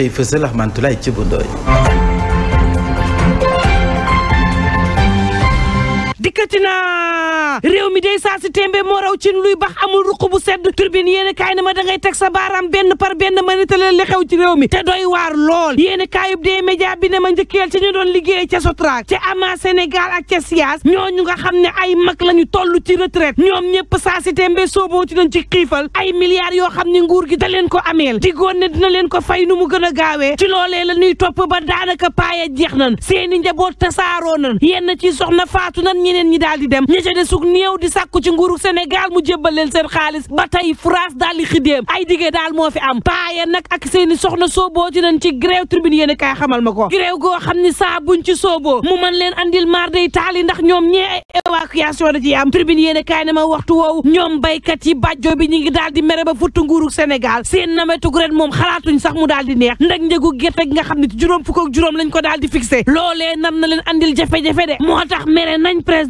xëy fësal Ahmadou Laye Thioub Ndoye dikkati na réew mi day saa si tembe moo raw cin luy bax amul ruq bu sedd turbine yéen kaay na ma da teg sa baaraam benn par benn ma nitale li xew ci réew mi te doy waar lool yéen kaayub dee média bi ne ma njëkkeel ci ñu doon liggéeye ca Sotrac ca ama Sénégal ak ca SIAS ñooñu nga xam ne ay mag lañu toll ci retraite ñoom ñëpp saa si tembe sooboo ci nañ ci xiifal ay milliards yoo xam ne nguur gi da leen ko ameel digoon ne dina leen ko fay nu mu gën a gaawee ci la ñuy ba daanaka paaya jeex nan seeni njaboot tasaaroo nan yenn ci soxna faatu nan ñeneen ñi daal di dem ña ca desug néew di sàkku ci nguuru Sénégal mu jébbal leen seen xaalis ba tey France daal di xidéem ay diggee daal moo fi am paaye nag ak seeni soxna sooboo ci nañ ci gréew tribune yéen kaay xamal ma ko gréew goo xam ni saa buñ ci sooboo mu mën leen andil maar day taali ndax ñoom ñee ay évacuation da ci am tribune yéen kaay ne ma waxtu woowu ñoom baykat yi bàjjo bi ñu ngi daal di mere ba futtu nguuru senegal seen nametug ren moom xalaatuñ sax mu daal di neex ndax njëgu gerte gi nga xam ne ci juróom fukk ak juróom lañ ko daal di fixé loolee nam na leen andil jafe-jafe moo tax mere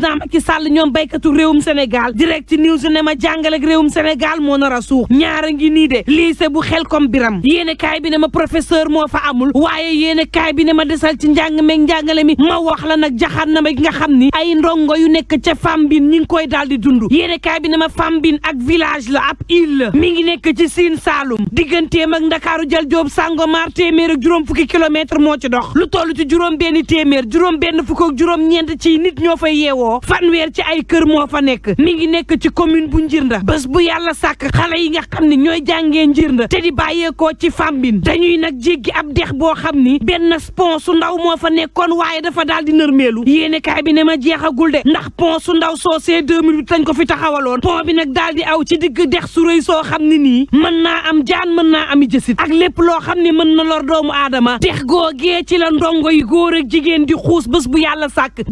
président Macky Sall ñoom béykatu réewum Sénégal direct news ne ma jàngale ak réewum Sénégal moo nar a suux ñaara ngi nii de lycée bu xel comme biram yéene kaay bi ne ma professeur moo fa amul waaye yéene kaay bi ne ma desal ci njàng meeg njàngale mi ma wax la nag jaxaan na ma gi nga xam ni ay ndongo yu nekk ca Fambine ñi ngi koy daal di dund yéene kaay bi ne ma bin ak village la ab île la mi ngi nekk ci Sine Saalum digganteem ak Ndakaaru jël Joob Sangomar téeméer ak juróom fukki kilomètre moo ci dox lu toll ci juróom benn téeméer juróom benn fukk ak juróom ñeent ci nit ñoo fay yeewoo yeewoo fanweer ci ay kër moo fa nekk mi ngi nekk ci commune bu Njirnda bés bu yàlla sàkk xale yi nga xam ne ñooy jàngee Njirnda te di bàyyeekoo ci Fambine dañuy nag jéggi ab dex boo xam ni benn pont su ndaw moo fa nekkoon waaye dafa daal di nërmeelu yéene kaay bi ne ma jeexagul de ndax pont su ndaw soosee 2008 lañ ko fi taxawaloon pont bi nag daal di aw ci digg dex su rëy soo xam ne nii mën naa am jaan mën naa am i jësit ak lépp loo xam ni mën na lor doomu aadama dex googee ci la ndongo yi góor ak jigéen di xuus bés bu yàlla sàkk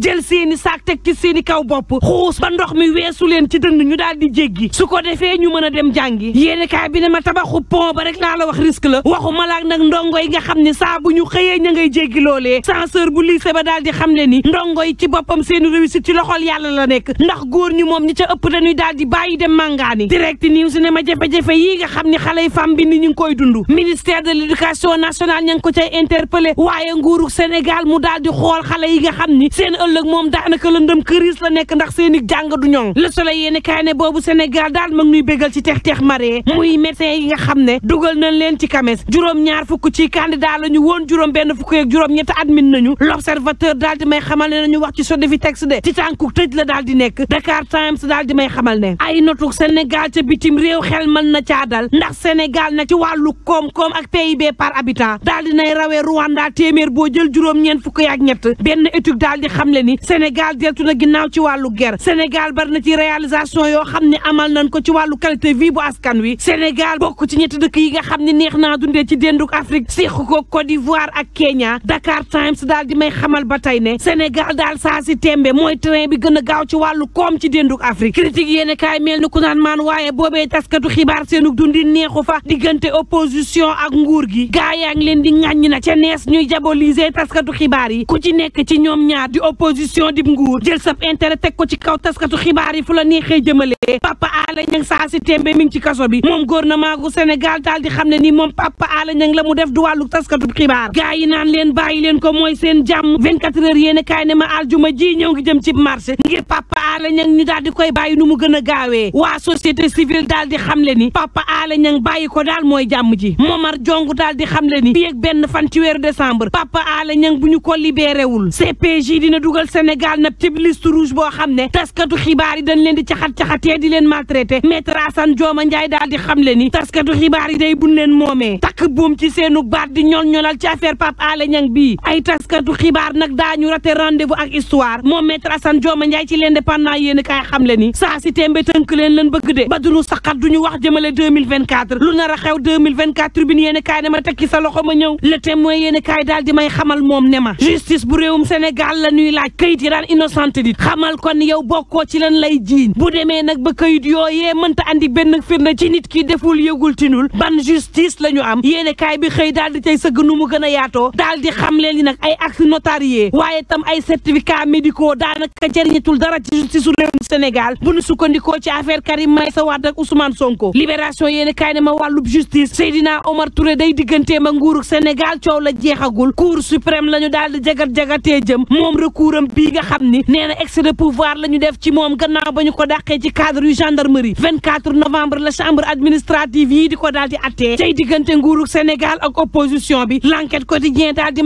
ni kaw bopp xuus ba ndox mi weesu leen ci dënd ñu daal di jéggi su ko defee ñu mën a dem jàngi yéene kaay bi ne ma tabaxu pont ba rek laa la wax risque la waxu malaak nag ndongo yi nga xam ne saa ñu xëyee ña ngay jéggi loole censeur bu lycée ba daal di xam ne ni ndongo yi ci boppam seen réussite ci loxol yàlla la nekk ndax góor ñi moom ñi ca ëpp dañuy daal di bàyyi dem màngaani nii si ne ma jafe-jafe yi nga xam ni xale yi fam bi ni ñu ngi koy dund ministère de l'éducation nationale ña ngi ko cay interpellé waaye nguuru Sénégal mu daal di xool xale yi nga xam ni seen ëllëg moom daanaka lëndëm crise la nekk ndax seen i jàng du ñoŋ le soleil yéen kaay ne boobu Sénégal daal ma ngi nuy bégal ci tex tex maree muy médecin yi nga xam ne dugal nañ leen ci kames juróom-ñaar fukk ci candidat la ñu woon juróom benn fukk yeeg juróom ñett admin nañu l' observateur daal di may xamal ne nañu wax ci sodde fi texte de ci tànku tëj la daal di nekk Dakar Times daal di may xamal ne ay notuk Sénégal ca bitim réew xel man na caa dal ndax Sénégal na ci wàllu koom-koom ak PIB par habitant daal di nay rawee Rwanda téeméer boo jël juróom-ñeent fukk yaak ñett benn étude daal di ginnaaw ci wàllu ger Sénégal bari na ci réalisation yoo xam ne amal nañ ko ci wàllu qualité vie bu askan wi Sénégal bokk ci ñetti dëkk yi nga xam ni neex naa dundee ci dénduk Afrique séq ko Côte d'Ivoire ak Kenya Dakar Times daal di may xamal ba tey ne Sénégal daal saa si tembe mooy train bi gën gaaw ci wàllu koom ci dénduk Afrique critique yéen kaay mel ni ku naan maan waaye boobee taskatu xibaar seenuk dundi neexu fa diggante opposition ak nguur gi gaa yaa leen di ŋàññi na ca nees ñuy jaboliser taskatu xibaar yi ku ci nekk ci ñoom ñaar di di nguur jël ab intérêt ko ci kaw taskatu xibaar yi fu la neexee jëmalee Papa Alé Niang saa si tembe mi ngi ci kaso bi moom gouvernement gu Sénégal daal di xam ne ni moom Papa Alé Niang la mu def du wàllu taskatu xibaar gars yi naan leen bàyyi leen ko mooy seen jàmm 24 heures yéen kaay ne ma aljuma ji ñëw ngi jëm ci marché ngir papa Aala Niang ñu di koy bàyyi nu mu gën a waa société civile daal di xamle ni Papa Aala Niang bàyyi ko daal mooy jàmm ji Momar Jong daal di xamle ni fii ak benn fan ci weeru décembre Papa Aala Niang bu ñu ko libéré wul dina dugal Sénégal nag ci liste rouge boo xam ne taskatu xibaar yi dañ leen di caxat caxatee di leen maltraité maître Assane Dioma Ndiaye daal di le ni taskatu xibaar yi day buñ leen moomee takk buum ci seenu baat di ñol ñolal ci affaire Papa Aala ñan bi ay taskatu xibaar nag daañu rate rendez-vous ak histoire moom maître Assane Dioma Ndiaye ci l'indépendant naa yéen kaay xamle ni saa si tembe tënk leen lan bëgg de ba duñu saxat duñu wax jëmale 2024 lu nar a xew 2024 tribune yéen kaay ne ma tekki sa loxo ma ñëw le témoin yéen kaay daal may xamal moom ne ma justice bu réewum Sénégal la ñuy laaj kayit yi daan innocente dit xamal kon yow bokkoo ci lan lay jiiñ bu demee nag ba kayit yooyee mënta andi benn firnde ci nit ki deful yëgul tinul ban justice la ñu am yéen kaay bi xëy daal di tey sëgg nu mu gën a yaatoo daal di xam leen nag ay actes notariés waaye tam ay certificats médicaux daanaka jëriñatul dara ci ci su réewum Sénégal bu nu sukkandikoo ci affaire Karim Meïssa Wade ak Ousmane Sonko libération yéeni kaay ne ma wàllub justice Seydina Omar Touré day digganteem ma nguurug Sénégal coow la jeexagul cour suprême la ñu daal di jagat-jagatee jëm moom recours am bii nga xam ni nee na excès de pouvoir la ñu def ci moom gannaaw ba ñu ko daqee ci cadre yu gendarmerie quatre novembre la chambre administrative yii di ko daal di attee tey diggante nguurug Sénégal ak opposition bi l'enquête quotidien daal di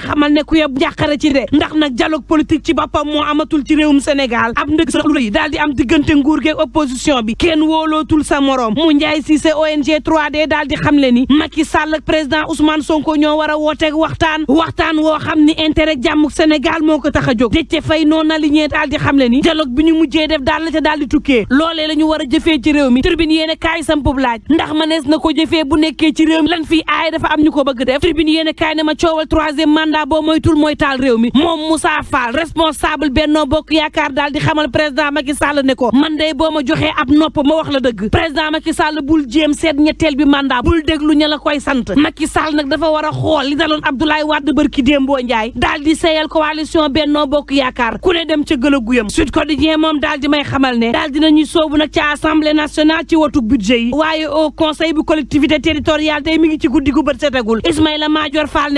xamal ne ku yeb jàqare ci de ndax nag dialogue politique ci boppam moo amatul ci réewum Sénégal ab ndëg salu yi daal di am diggante nguur geeg opposition bi kenn wóolootul sa morom mu njaay Cissé ONG trois d daal di xam le ni Macky Sall ak président Ousmane Sonko ñoo war a wooteeg waxtaan waxtaan woo xam ni intérêt jàmm Sénégal moo ko tax a jóg dëcc fay noonu na li ñee daal di xam le ni dialogue bi ñu mujjee def daal la ca daal di tukkee loole la ñu a jëfee ci réew mi tribune yéen kaay sam pub laaj ndax manees na ko jëfee bu nekkee ci réew lan fii aay am ñu ko bëgg def mandat boo moytul mooy taal réew mi moom Moussa Fall responsable Benno Bokk Yaakaar daal di xamal président Macky Sall ne ko man de boo ma joxee ab nopp ma wax la dëgg président Macky Sall bul jéem seet ñetteel bi mandat bul déglu ña la koy sant Macky Sall nag dafa war a xool li daloon Abdoulaye Wade bërki démboo Ndiaye daal di seyal coalition Benno Bokk Yaakaar ku ne dem ca gëla guyam Sud Quotidien moom daal di may xamal ne daal dinañuy soobu nag ca assemblée nationale ci wotu budget yi waaye au conseil bu collectivité territoriale tey mi ngi ci guddi gu bët setagul Ismaïla Madior Fall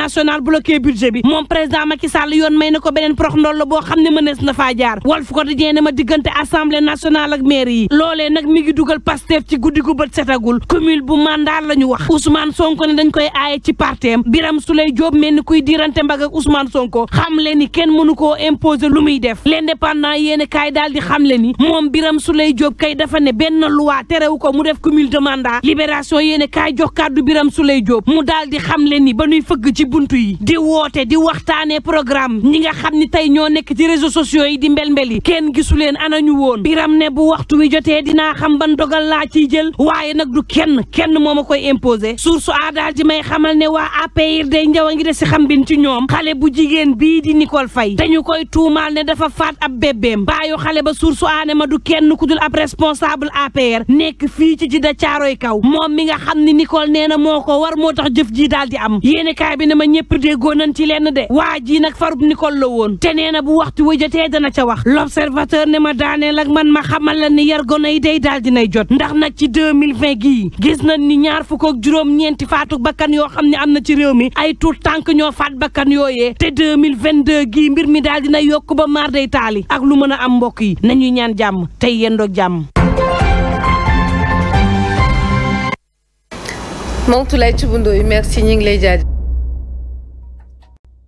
nationale bloqué budget bi moom président Macky Sall yoon may na ko beneen prox ndoll boo xam ne mënees na faa jaar Walf Quotidien ne ma diggante assemblée nationale ak maire yi loolee nag mi ngi dugal Pastef ci guddi gu bët setagul commune bu mandat la wax Ousmane Sonko ne dañ koy aaye ci parteem Biram Souley Diop mel ni kuy diirante mbag ak Sonko xam le ni kenn mënu koo lu muy def l'indépendant yéen kaay daal xam le ni moom Biram buntu yi di woote di waxtaanee programme ñi nga xam ni tey ñoo nekk ci réseaux sociaux yi di mbel-mbel yi kenn gisuleen leen ñu woon biram ne bu waxtu wi jotee dina xam ban dogal laa ci jël waaye nag du kenn kenn moom ma koy imposé source a daal may xamal ne waa APR day njaw a ngi de si xam bin ci ñoom xale bu jigéen bii di Nicole fay dañu koy tuumaal ne dafa faat ab bébéem baayu xale ba source a ne ma du kenn ku dul ab responsable APR nekk fii ci ci da kaw moom mi moo tax jëf ji ma ñëpp déggoo nañ ci lenn de waa jii nag farub Nicole la woon te nee na bu waxtu wa jotee dana ca wax l'observateur ne ma daaneel ak man ma xamal la ni yar gone yi day daal nay jot ndax nag ci 2020 gii gis nañ ni ñaar fukk ak juróom-ñeenti faatu bakkan yoo xam ne am na ci réew mi ay tuut tànk ñoo faat bakkan yooyee te 2022 gii mbir mi daal dina yokk ba maar day taali ak lu mën a am mbokk yi nañuy ñaan jàmm tey yendoog jàmm Mantoulaye Thioub Ndoye merci ñu ngi lay jaajëf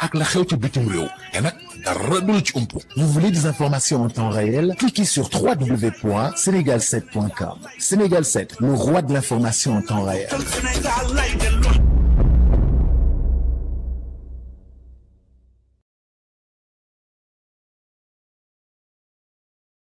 ak la xew ci bitim réew te nag dara du la ci ump. Vous voulez des informations en temps réel? Cliquez sur www.senegal7.com. Sénégal 7, le roi de l'information en temps réel.